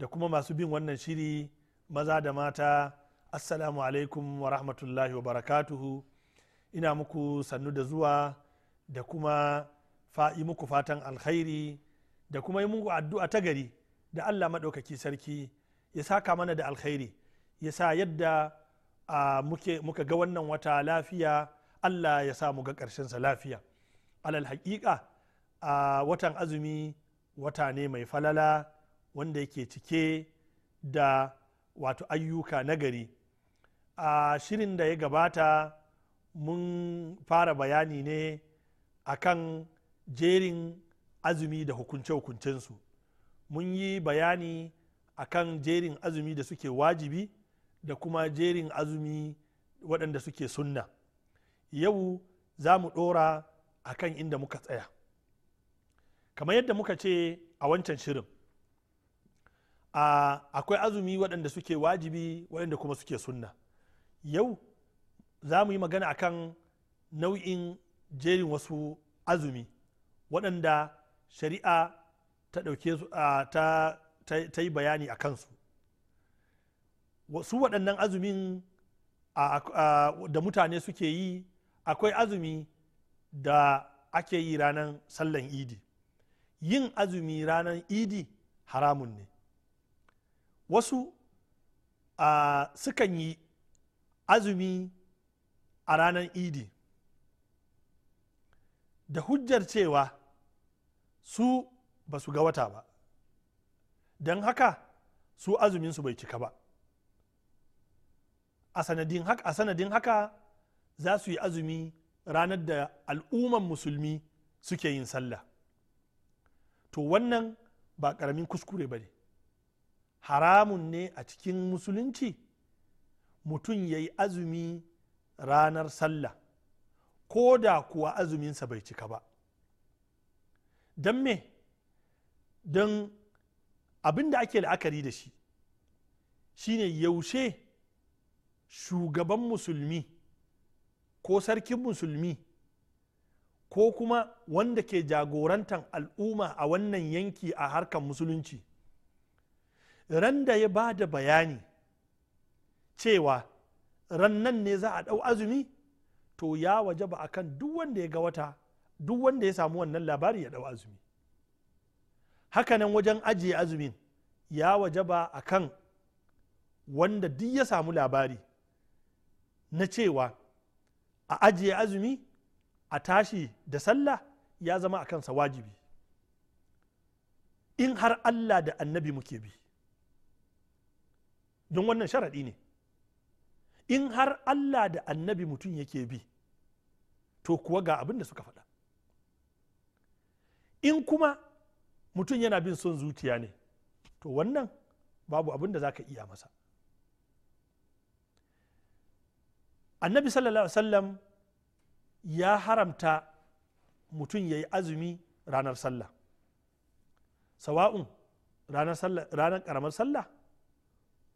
da kuma masu bin wannan shiri maza da mata assalamu alaikum wa rahmatullahi wa barakatuhu ina muku sannu da zuwa da kuma fa'i muku fatan alkhairi da kuma yi muku addu'a ta gari da allah maɗaukaki sarki ya saka mana da alkhairi ya sa yadda muka ga wannan wata lafiya allah ya sa mu ga ƙarshensa lafiya alal haƙiƙa a watan azumi wata ne mai falala wanda yake cike da wato ayyuka nagari a shirin da ya gabata mun fara bayani ne akan jerin azumi da hukunce su mun yi bayani akan jerin azumi da suke wajibi da kuma jerin azumi waɗanda suke sunna yau za mu ɗora akan inda muka tsaya kamar yadda muka ce a wancan shirin akwai azumi waɗanda suke wajibi waɗanda kuma suke sunna yau za mu yi magana akan nau'in jerin wasu azumi waɗanda shari'a ta ɗauke su ta yi bayani a kansu su waɗannan azumin da mutane suke yi akwai azumi da ake yi ranar sallan idi yin azumi ranar idi haramun ne wasu uh, sukan yi azumi a ranar idi da hujjar cewa su ba su ga wata ba don haka su azumin su bai cika ba a sanadin haka, haka za su yi azumi ranar da al'umman musulmi suke yin sallah to wannan ba ƙaramin kuskure ba ne haramun ne a cikin musulunci mutum ya yi azumi ranar sallah ko da kuwa azuminsa bai cika ba don me don abin da ake la'akari da shi shine yaushe shugaban musulmi ko sarkin musulmi ko kuma wanda ke jagorantar al'umma a wannan yanki a harkar musulunci ran da ya ba da bayani cewa rannan ne za a ɗau azumi to ya waje ba a kan duk wanda ya ga wata duk wanda ya samu wannan labari ya ɗau azumi hakanan wajen ajiye azumin ya waje ba a kan wanda duk ya samu labari na cewa a ajiye azumi a tashi da sallah ya zama a kansa wajibi in har allah da annabi muke bi don wannan sharaɗi ne in har allah da annabi mutum yake bi to kuwa ga abin da suka faɗa in kuma mutum yana bin son zuciya ne to wannan babu abin da za ka iya masa annabi sallallahu alaihi wasallam ya haramta mutum ya yi azumi ranar sallah sawa'un ranar ƙaramar sallah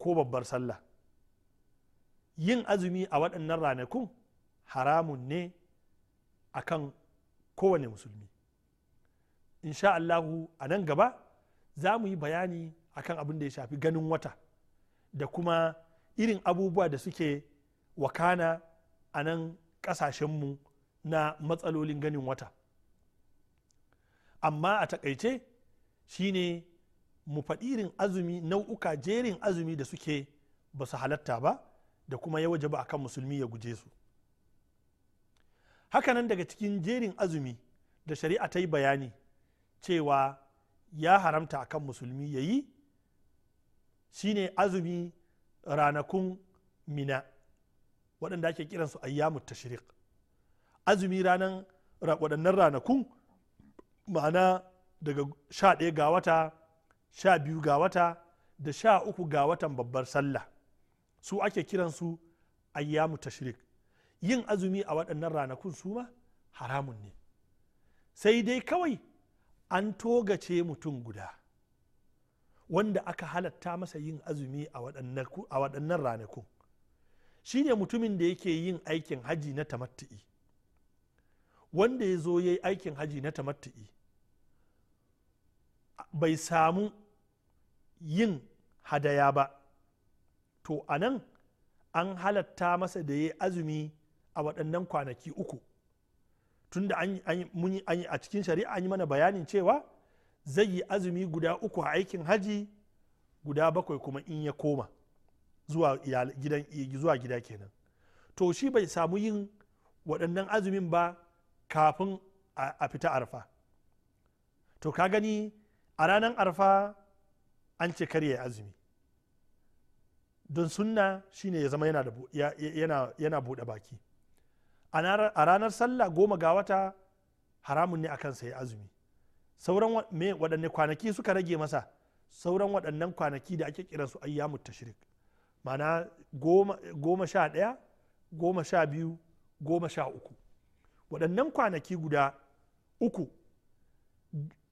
ko babbar sallah yin azumi a waɗannan ranakun haramun ne a kan kowane musulmi insha allahu a nan gaba za mu yi bayani a kan abin da ya shafi ganin wata da kuma irin abubuwa da suke wakana a nan ƙasashenmu na matsalolin ganin wata amma a takaice shine mu faɗi irin azumi nau'uka jerin azumi da suke ba su halatta ba da kuma ya waje ba akan musulmi ya guje su hakanan daga cikin jerin azumi da shari'a ta yi bayani cewa ya haramta akan musulmi ya yi shine azumi ranakun mina waɗanda ake kiransu ayyamu tashriq azumi ranan waɗannan ranakun ma'ana daga sha ɗaya ga wata sha biyu ga wata da sha uku ga watan babbar sallah su ake kiransu ayyamu tashrik yin azumi a waɗannan ranakun su ma haramun ne sai dai kawai an togace mutum guda wanda aka halatta masa yin azumi a waɗannan ranakun shi ne mutumin da yake yin aikin haji na tamatti'i wanda ya zo ya yi aikin haji na tamatti'i bai samu yin hadaya ba to a nan an halatta masa da ya azumi a waɗannan kwanaki uku tunda a cikin shari'a an yi mana bayanin cewa zai yi azumi guda uku a aikin haji guda bakwai kuma in ya koma zuwa gida kenan to shi bai samu yin waɗannan azumin ba kafin a fita arfa to ka gani a ranar arfa an ce kar ya azumi don sunna shine ya zama yana buɗe baki a ranar sallah goma ga wata haramun ne akan sai azumi sauran me waɗanne kwanaki suka rage masa sauran waɗannan kwanaki da ake kira su ayyamu tashrik mana goma sha ɗaya goma sha biyu goma sha uku waɗannan kwanaki guda uku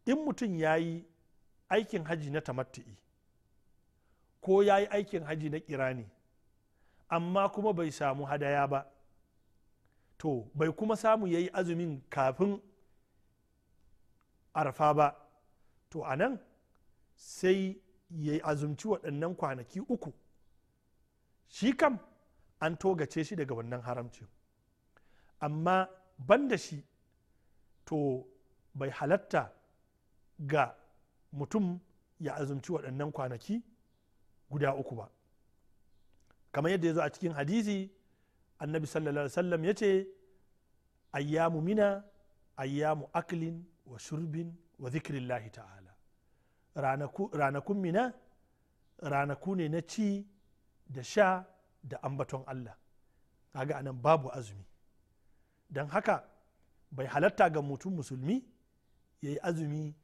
in mutum ya yi aikin haji na tamatti'i ko ya yi aikin haji na kirani amma kuma bai samu hadaya ba to bai kuma samu ya yi azumin kafin arfa ba to a nan sai ya azumci waɗannan kwanaki uku shi kam an togace shi daga wannan haramcin amma banda shi to bai halatta ga mutum ya azumci waɗannan kwanaki guda uku ba kamar yadda ya zo a cikin hadisi annabi sallallahu alaihi wasallam ya ce ayyamu mina ayyamu aklin wa shurbin wa lahi ta'ala ranakun mina ranaku ne na ci da sha da ambaton allah kaga anan babu azumi don haka bai halatta ga mutum musulmi ya yi azumi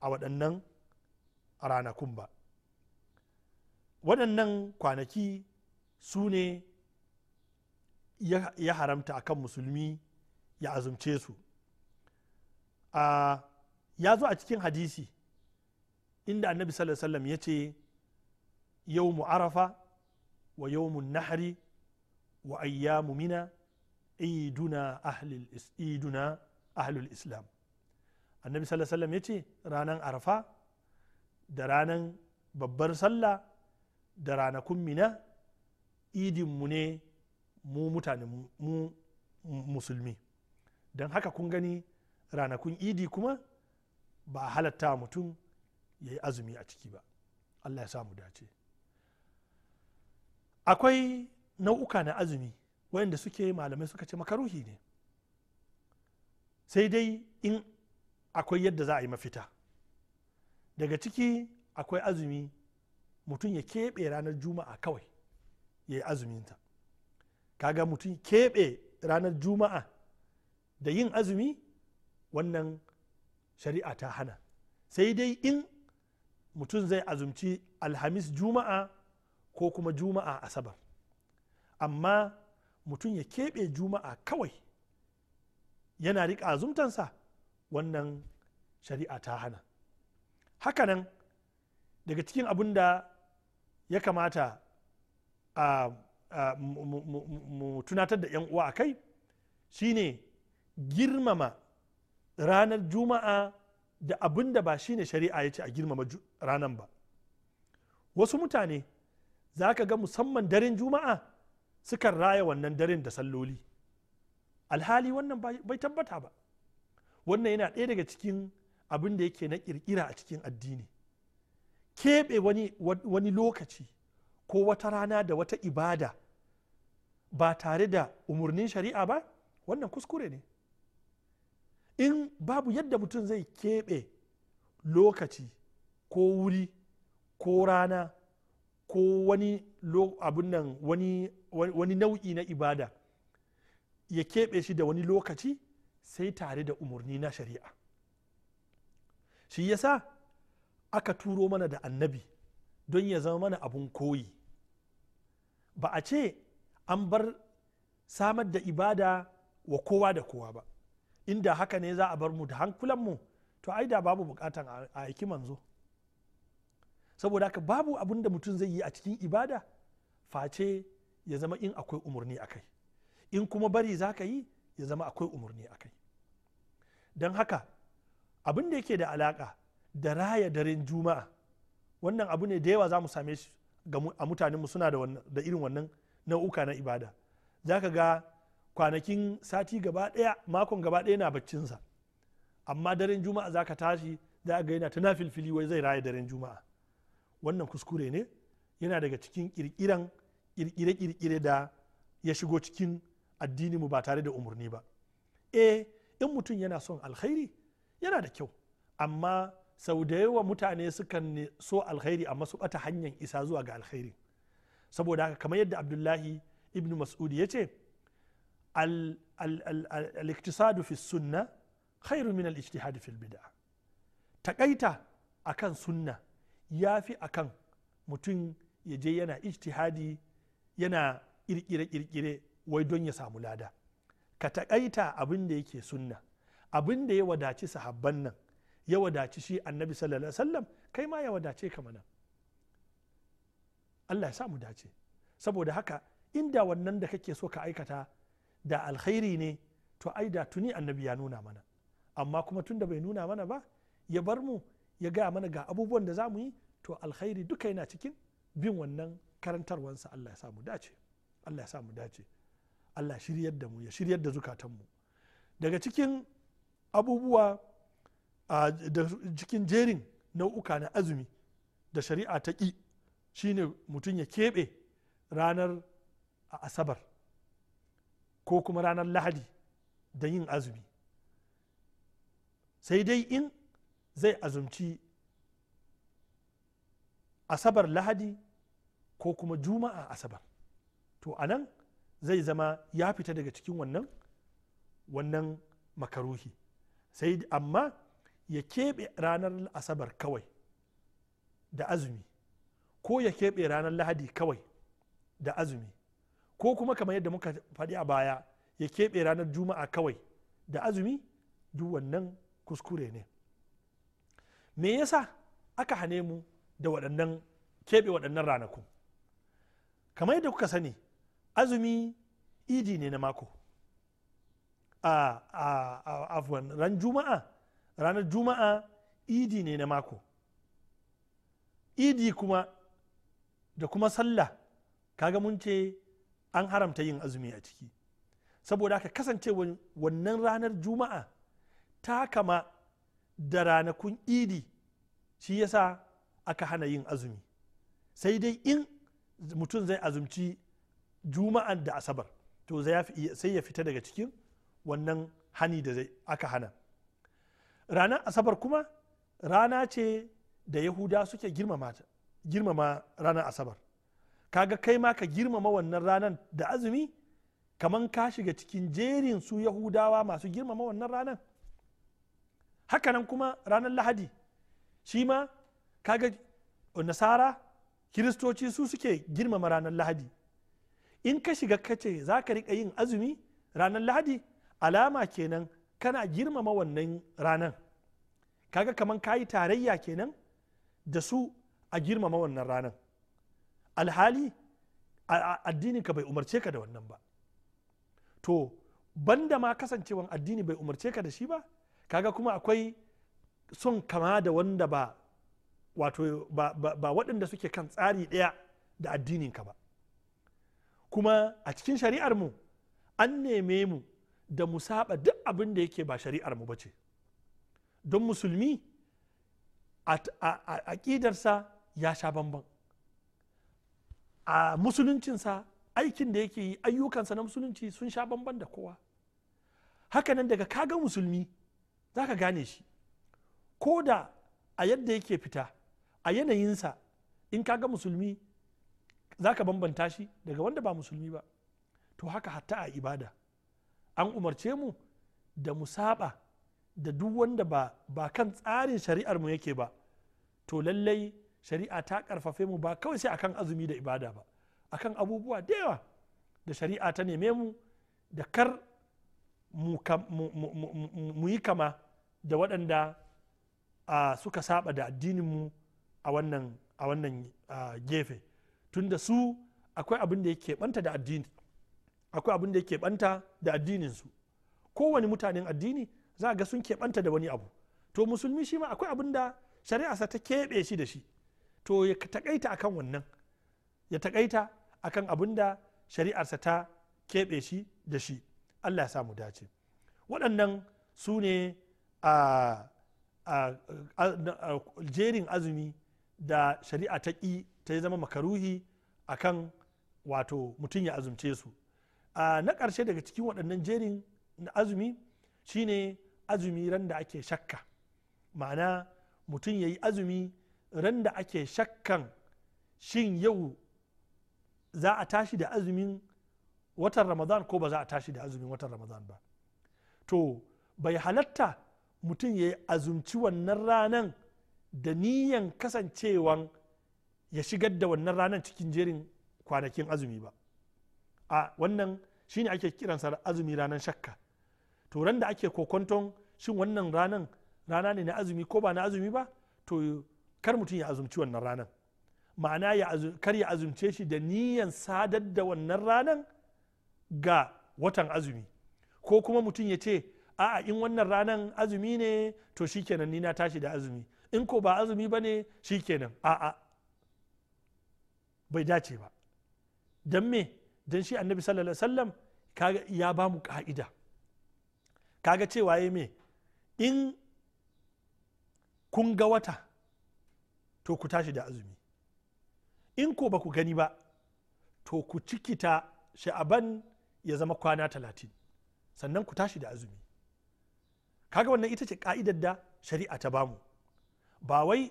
a waɗannan ranakun ba waɗannan kwanaki su ne ya haramta a kan musulmi ya azumce su ya zo a cikin hadisi inda annabi sallallahu alaihi wasallam ya ce yawmu arafa wa yawmun nahri wa ayyamu mina iduna ahlul islam annabi sallallahu alaihi ya ce ranan arfa da ranan babbar sallah da ranakun mina idinmu ne mu mutane mu musulmi don haka kun gani ranakun idi kuma ba a halatta mutum ya yi azumi a ciki ba allah ya samu dace akwai nau'uka na azumi wayanda suke malamai suka ce makaruhi ne sai dai in akwai yadda za a yi mafita daga ciki akwai azumi mutum ya keɓe ranar juma'a kawai ya yi azuminta kaga mutum keɓe ranar juma'a da yin azumi wannan shari'a ta hana sai dai in mutum zai azumci alhamis juma'a ko kuma juma'a asabar amma mutum ya keɓe juma'a kawai yana rika azumtansa wannan shari'a ta hana hakanan daga cikin abin da ya kamata a tunatar da 'yan uwa a kai shine girmama ranar juma'a da abin da ba shine shari'a ya ce a girmama ranar ba wasu mutane za ka ga musamman daren juma'a sukan raya wannan daren da salloli alhali wannan bai tabbata ba wannan yana ɗaya daga cikin abin da yake na ƙirƙira a cikin addini keɓe wani, wani lokaci ko wata rana da wata ibada ba tare da umarnin shari'a ba wannan kuskure ne in babu yadda mutum zai keɓe lokaci ko wuri ko rana ko wani abun nan wani nau'i na ibada ya keɓe shi da wani lokaci sai tare da umarni na shari'a shi yasa aka turo mana da annabi don ya zama mana abun koyi ba a ce an bar samar da ibada wa kowa da kowa ba inda haka ne za a bar mu da hankulan mu, to ai da babu bukatan a aiki manzo saboda haka babu abin da mutum zai yi a cikin ibada face ya zama in akwai umarni akai. in kuma bari za ka yi ya zama akwai umarni akai. don haka abin da yake da alaka da raya daren juma'a wannan abu ne da yawa za mu same shi a mutanenmu suna da irin wannan nau'uka na ibada za ka ga kwanakin sati gaba ɗaya makon gaba ɗaya na baccinsa amma daren juma'a za ka tashi za ga yana ta filfili wai zai raya daren juma'a wannan kuskure ne yana daga cikin kirkiran kirkire-kirkire da ya shigo cikin addini mu ba tare da umarni ba eh in mutum yana son alkhairi yana da kyau amma sau da yawa mutane sukan so alkhairi amma su bata hanyar isa zuwa ga alkhairi saboda haka kamar yadda abdullahi ibn mas'udi ya ce al-iktisadu fi sunna khairu min al-ijtihad fil bid'a takaita akan sunna yafi akan mutum ya je yana ijtihadi yana kirkire-kirkire wai don ya samu lada ka taƙaita abin da yake sunna abin da ya wadaci sahabban nan ya wadaci shi annabi sallallahu alaihi wasallam kai ma ya wadace ka mana Allah ya sa mu dace saboda haka inda wannan da kake so ka aikata da alkhairi ne to ai da tuni annabi ya nuna mana amma kuma tunda bai nuna mana ba ya bar mu ya gaya mana ga abubuwan da za mu yi to alkhairi duka yana cikin bin wannan karantarwansa Allah ya sa mu dace Allah ya sa mu dace allah shiryar da mu ya shiryar da mu. daga cikin abubuwa a cikin jerin nau'uka na azumi da shari'a ta ƙi shine mutum ya keɓe ranar a asabar ko kuma ranar lahadi da yin azumi sai dai in zai azumci asabar lahadi ko kuma juma'a asabar to a nan zai zama ya fita daga cikin wannan wannan makaruhi sai amma ya keɓe ranar asabar kawai da azumi ko ya keɓe ranar lahadi kawai da azumi ko kuma kamar yadda muka faɗi a baya ya keɓe ranar juma'a kawai da azumi duk wannan kuskure ne me yasa aka hane mu da waɗannan keɓe waɗannan ranaku kamar yadda kuka sani azumi idi ne na mako a afwan ran juma'a ranar juma'a idi ne na mako idi kuma da kuma sallah kaga mun ce an haramta yin azumi a ciki saboda haka kasance wannan ranar juma'a ta kama da ranakun idi shi yasa aka hana yin azumi sai dai in mutum zai azumci juma'an da asabar to sai ya fita daga cikin wannan hani da aka hana ranar asabar kuma rana ce da yahuda suke girmama ranar asabar kaga kai ma ka girmama wannan ranar da azumi kaman ka shiga cikin jerin su yahudawa masu girmama wannan ranar hakanan kuma ranar lahadi shi ma kaga nasara kiristoci su suke girmama ranar lahadi in ka shiga kace ce za ka riƙa yin azumi ranar lahadi alama kenan kana girmama wannan ranar kaga kaman ka yi tarayya kenan da su a girmama wannan ranar alhali addinin ka bai umarce ka da wannan ba to banda ma kasancewan addini bai umarce ka da shi ba kaga kuma akwai son kama da wanda ba wato ba, ba waɗanda suke kan tsari ɗaya da addininka ba kuma a cikin shari'ar mu an neme mu da mu saba duk abin da yake ba shari'ar mu bace don musulmi a aƙidarsa ya sha bamban a musuluncinsa aikin da yake yi ayyukansa na musulunci sun sha bamban da kowa hakanan daga kaga musulmi za ka gane shi ko da a yadda yake fita a yanayinsa in kaga musulmi za ka bambanta shi daga wanda ba musulmi ba to haka hatta a ibada an umarce mu da mu saba da duk wanda ba, ba kan tsarin shari'ar mu yake ba to lallai shari'a ta karfafe mu ba kawai sai akan azumi da ibada ba akan abubuwa da yawa da shari'a ta neme mu da kar mu yi kama da waɗanda suka saba da addinin mu a wannan gefe tunda su akwai abin da yake banta da addini akwai abin da yake banta da addinin su kowane mutanen addini za a ga sun keɓanta da wani abu to musulmi shi ma akwai abin da shari'arsa ta keɓe shi da shi to ya takaita akan wannan ya takaita akan abin da shari'arsa ta keɓe shi da shi allah ya samu dace waɗannan su ne a jerin azumi da shari'a ta ƙi ta zama makaruhi akan wato mutum ya azumce su a na ƙarshe daga cikin waɗannan jerin na azumi shine azumi ran da ake shakka ma'ana mutum ya yi azumi ran da ake shakkan shin yau za a tashi da azumin watan ramadan ko ba za a tashi da azumin watan ramadan ba to bai halatta mutum ya yi azumci wannan ranan da niyan kasancewan ya shigar da wannan ranar cikin jerin kwanakin azumi ba a wannan shine ake kiransa azumi ranar shakka to ran da ake kokonton shin wannan ranar rana ne na azumi ko ba na azumi ba to kar mutum ya azumci wannan ranan ma'ana kar ya azumce shi da niyan sadar da wannan ranan ga watan azumi ko kuma mutum ya ce a'a in wannan ranan azumi ne to shikenan ni na tashi da azumi in ko ba azumi ba ne shikenan a'a bai dace ba don me don shi annabi sallallahu alaihi wasallam ya ba mu ka'ida kaga cewa ya me in kun ga wata to ku tashi da azumi in ko ba ku gani ba to ku cikita sha'aban ya zama kwana talatin sannan ku tashi da azumi kaga wannan ita ce ka'idar da shari'a ta bamu ba wai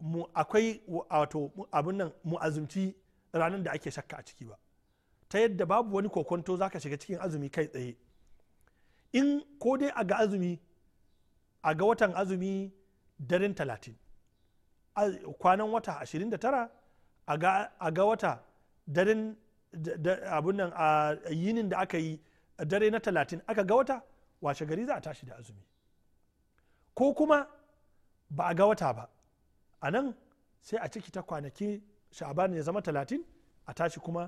mu akwai wato abin nan mu azumci ranar da ake shakka a ciki ba ta yadda babu wani kokonto za ka shiga cikin azumi kai tsaye in ko dai a ga azumi a ga watan azumi darin talatin kwanan wata ashirin da tara a ga wata darin abin nan a yinin da aka yi dare na talatin aka ga wata washe gari za a tashi da azumi ko kuma ba a ga wata ba a nan sai a ciki ta kwanaki sha'aban ya zama talatin a tashi kuma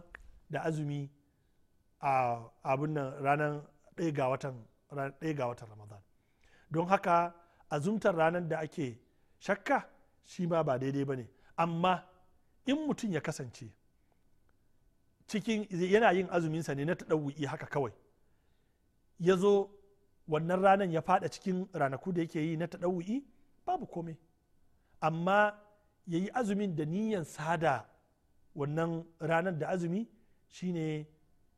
da azumi a abin nan ranar ɗaya ga watan ramadan don haka azumtar ranar da ake shakka shi ma ba daidai ba ne amma in mutum ya kasance cikin yana yin azuminsa ne na taɗawu'i haka kawai ya zo wannan ranar ya fada cikin ranaku da yake yi na ta babu komai amma ya yi azumin da niyan sada wannan ranar da azumi shine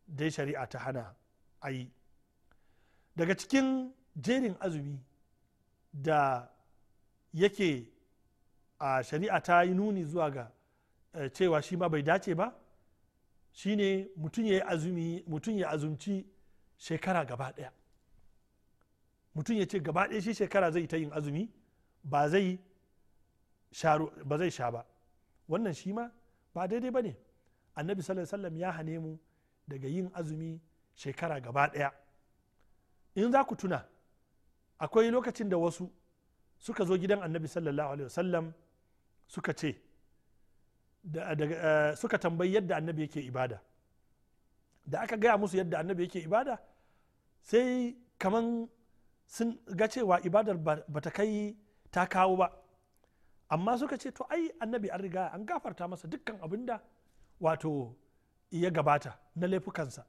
dai shari'a ta hana a yi daga cikin jerin azumi da yake a shari'a ta yi nuni zuwa ga eh, cewa shi ma bai dace ba shine mutum ya azumci shekara gaba ɗaya mutum ya ce gaba ɗaya shi shekara zai ta yin azumi ba zai ba zai sha ba wannan shi ma ba daidai ba ne annabi sallallahu ya hane mu daga yin azumi shekara gaba ɗaya in za ku tuna akwai lokacin da wasu suka zo gidan annabi sallallahu alaihi wasallam suka ce eh, suka tambayi yadda annabi yake ibada da aka gaya musu yadda annabi yake ibada sai kaman sun ga cewa ibadar ba ta kai ta kawo ba amma suka ce to ai annabi an riga an gafarta masa dukkan abin da wato ya gabata na laifukansa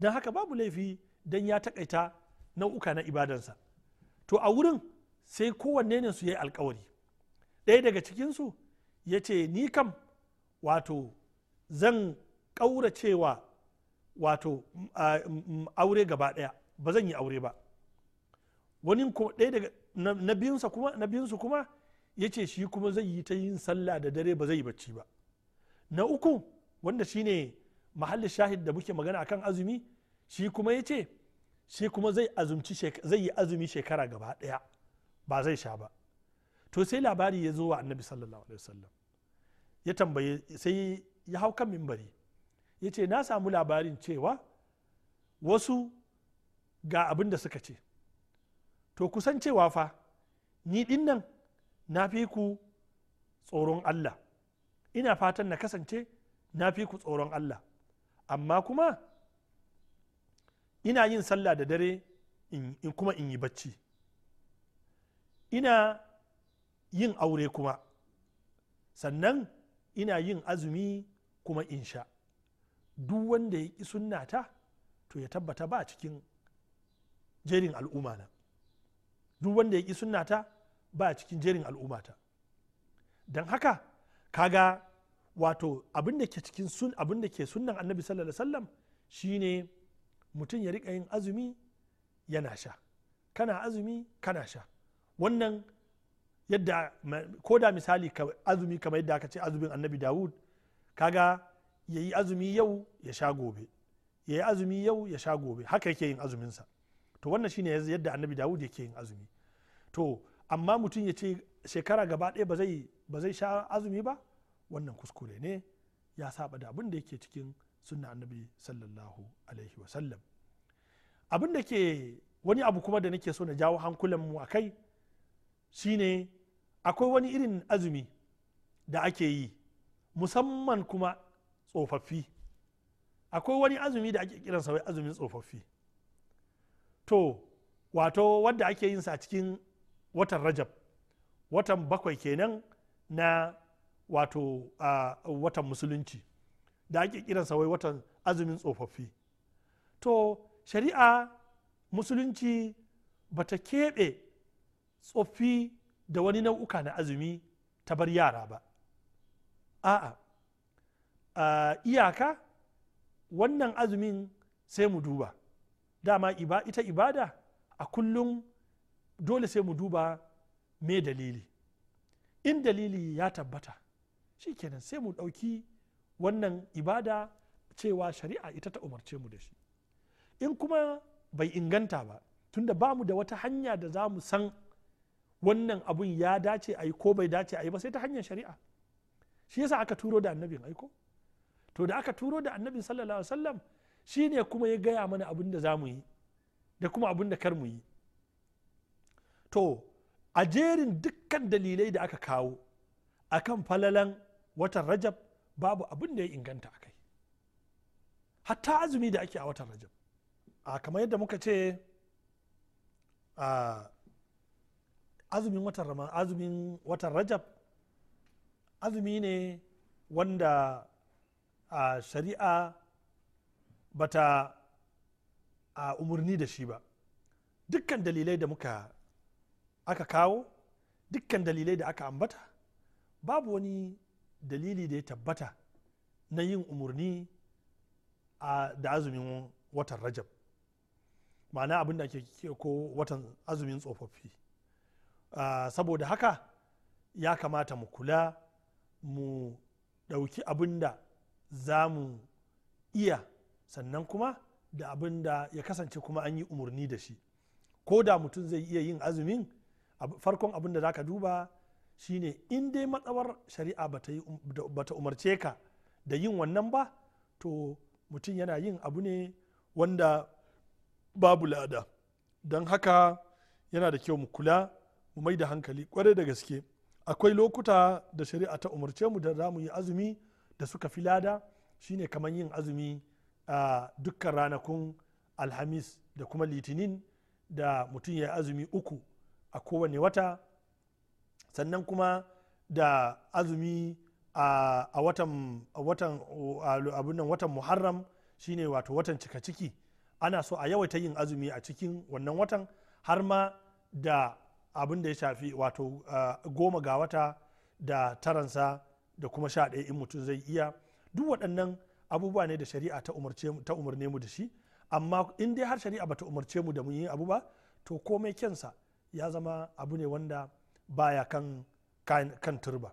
don haka babu laifi don ya takaita nau'uka na ibadansa to a wurin sai kowanne ne su ya yi alkawari ɗaya daga cikinsu ya ce ni kam wato zan ƙaura cewa wato mm, mm, mm, aure gaba ɗaya ba zan yi aure ba wani ɗaya daga na biyunsu kuma ya ce shi kuma zai yi ta yin sallah da dare ba zai bacci ba na uku wanda shi ne mahallin shahid da muke magana akan azumi shi kuma ya ce shi kuma zai azumci zai yi azumi shekara gaba ɗaya ba zai sha ba to sai labari ya zo wa annabi sallallahu alaihi wasallam ya tambaye sai ya hau kan mimbari ya ce na samu labarin cewa wasu ga abin da suka ce to kusan cewa fa ni dinnan na fi ku tsoron Allah ina fatan na kasance na fi ku tsoron Allah amma kuma ina yin sallah da dare in kuma in yi bacci ina yin aure kuma sannan ina yin azumi kuma in sha duk wanda ya ƙi sunnata to ya tabbata ba cikin jerin al'umma na duk wanda ya ƙi sunnata ba cikin jerin al'ummata don haka kaga wato abin da ke cikin sun abin da ke sunnan annabi sallallahu alaihi wasallam shine mutum ya rika yin azumi yana sha kana azumi kana sha wannan yadda ko da misali azumi kamar yadda aka ce azumin annabi dawud kaga ya yi azumi yau ya sha gobe ya yi azumi yau ya sha gobe haka yake yin azuminsa to wannan shine yadda annabi dawud yake yin azumi to amma mutum ya ce shekara gaba ɗaya ba zai sha azumi ba wannan kuskure ne ya saba da abin da yake cikin sunna annabi sallallahu alaihi wasallam abin da ke wani abu kuma da nake so na jawo hankulanmu a kai shine akwai wani irin azumi da ake yi musamman kuma tsofaffi akwai wani azumi da ake kiransa wai azumin tsofaffi to wato wanda ake yin sa cikin watan rajab watan bakwai kenan na wato watan musulunci da ake kiransa wai watan azumin tsofaffi to shari'a musulunci bata keɓe tsoffi da wani nau'uka na azumi ta bar yara ba a'a a iyaka wannan azumin sai mu duba dama ita ibada a kullum dole sai mu duba me dalili in dalili ya tabbata shikenan sai mu ɗauki wannan ibada cewa shari'a ita ta umarce mu da shi in kuma bai inganta ba tunda ba mu da wata hanya da za mu san wannan abun ya dace a yi ko bai dace a yi ba sai ta hanyar shari'a shi yasa aka turo da annabin aiko to da aka turo da annabin sallallahu alaihi wasallam ne kuma ya gaya mana abin da za mu yi da kuma abin da kar mu yi to a jerin dukkan dalilai da aka kawo a kan falalan watan rajab babu abin da ya inganta a kai hatta azumi da ake a watan rajab a kamar yadda muka ce a azumin watan azumin watan rajab azumi ne wanda a shari'a bata a umarni da shi ba dukkan dalilai da muka aka kawo dukkan dalilai da aka ambata babu wani dalili da ya tabbata na yin umarni da azumin watan rajab ma'ana abin da ake ko watan azumin tsofaffi saboda haka ya kamata mu kula mu ɗauki abin da za mu iya sannan kuma da abin da ya kasance kuma an yi umarni da shi ko da mutum zai iya yin azumin farkon abin da zaka duba shine in dai matsawar shari'a bata um- umarce ka da yin wannan ba to mutum yana yin abu ne wanda babu lada don haka yana da kyau mu kula mu mai da hankali kwarai da gaske akwai lokuta da shari'a ta umarce mu da za mu yi azumi da suka fi lada shine kamar yin azumi a dukkan ranakun alhamis da kuma litinin da mutum ya yi azumi uku a kowane wata sannan kuma da azumi a watan watan nan watan muharram shine wato watan cika ciki ana so a yawaita yin azumi a cikin wannan watan har ma da abin da ya shafi wato goma ga wata da taransa da kuma sha ɗaya in mutum zai iya duk waɗannan abubuwa ne da shari'a ta umarce mu da shi amma in dai har shari'a bata umarce mu da mun yi abu ba to komai kyansa ya zama abu ne wanda baya kan kan turba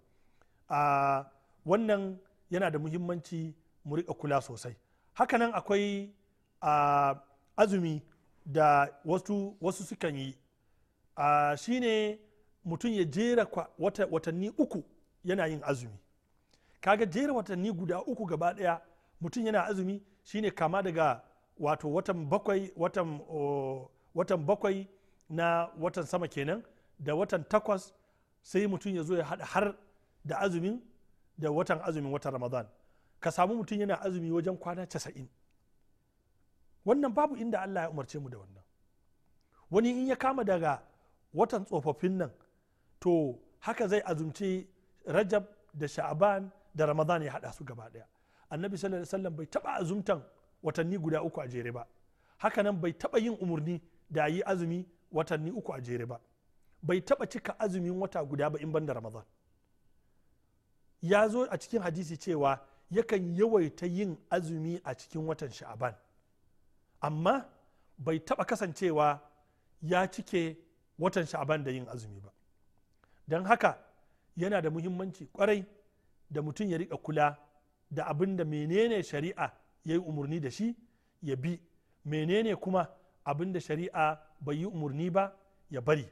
a wannan yana da muhimmanci mu riƙa kula sosai hakanan akwai azumi da wasu, wasu sukan yi shi ne mutum ya jera watanni uku yana yin azumi kaga jera watanni guda uku gaba ɗaya mutum yana azumi shine kama daga wato watan bakwai watan bakwai na watan sama kenan da watan takwas sai mutum ya zo ya haɗa har da azumin da watan azumin watan ramadan ka samu mutum yana azumi wajen kwana casa'in wannan babu inda allah ya umarce mu da wannan wani in ya kama daga watan tsofaffin nan to haka zai azumce rajab da sha'aban da ramadan ya haɗa su gaba ɗaya annabi sallallahu alaihi bai taɓa azumtan watanni guda uku a jere ba haka nan bai taɓa yin umurni da yi azumi watanni uku a jere ba bai taba cika azumin wata guda ba in ban da ramadan ya zo a cikin hadisi cewa yakan yawaita yin azumi a cikin watan sha'aban amma bai taba kasancewa ya cike watan sha'aban da yin azumi ba don haka yana da muhimmanci kwarai da mutum ya riƙa kula da abin da menene shari'a ya yi umarni da shi ya bi menene kuma abin da shari'a bai yi umarni ba ya bari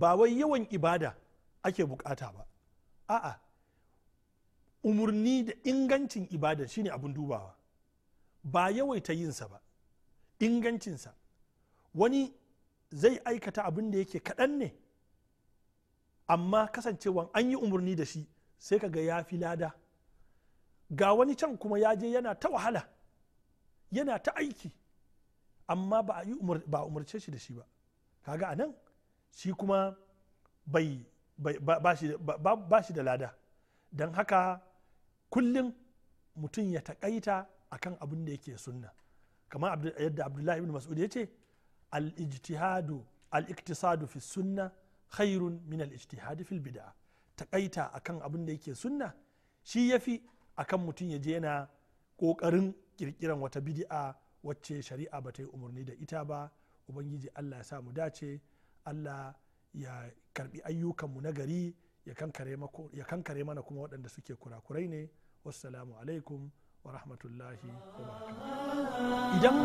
ba wai yawan ibada ake bukata ba a'a umarni da ingancin ibada shine abin dubawa ba yawaita yinsa ba ingancinsa wani zai aikata abin da yake kaɗan ne amma kasancewan an yi umarni da shi sai kaga ya fi lada ga wani can kuma ya je yana ta wahala yana ta aiki amma ba a yi umarce shi da shi ba kaga a nan shi kuma bai ba shi da lada don haka kullum mutum ya taƙaita akan abin da yake sunna kamar yadda abdullahi ibn mas'ud ya ce al-ijtihadu al-iktisadu fi sunna khairun min al-ijtihadi fil bid'a taƙaita akan abin da yake sunna shi yafi akan mutum ya je yana ƙoƙarin ƙirƙiran wata bid'a wacce shari'a ba ta yi umarni da ita ba ubangiji allah ya sa mu dace allah ya karbi ayyukanmu na gari ya kankare mana kuma waɗanda suke kurakurai ne wassalamu alaikum wa rahmatullahi wa idan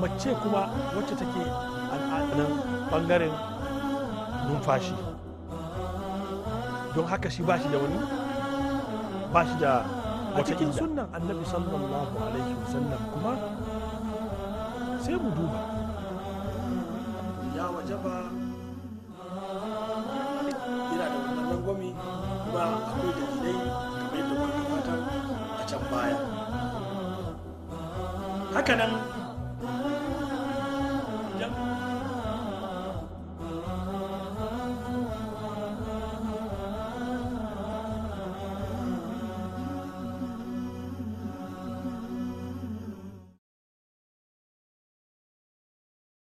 mace kuma wacce take al'adunan bangaren numfashi don haka shi bashi da wani bashi da wata cikin sunan annabi sallallahu alaihi wasallam kuma sai mu duba ya waje ba yana da wannan langwami ba akwai dalilai kamar yadda kuka gabatar a can baya haka nan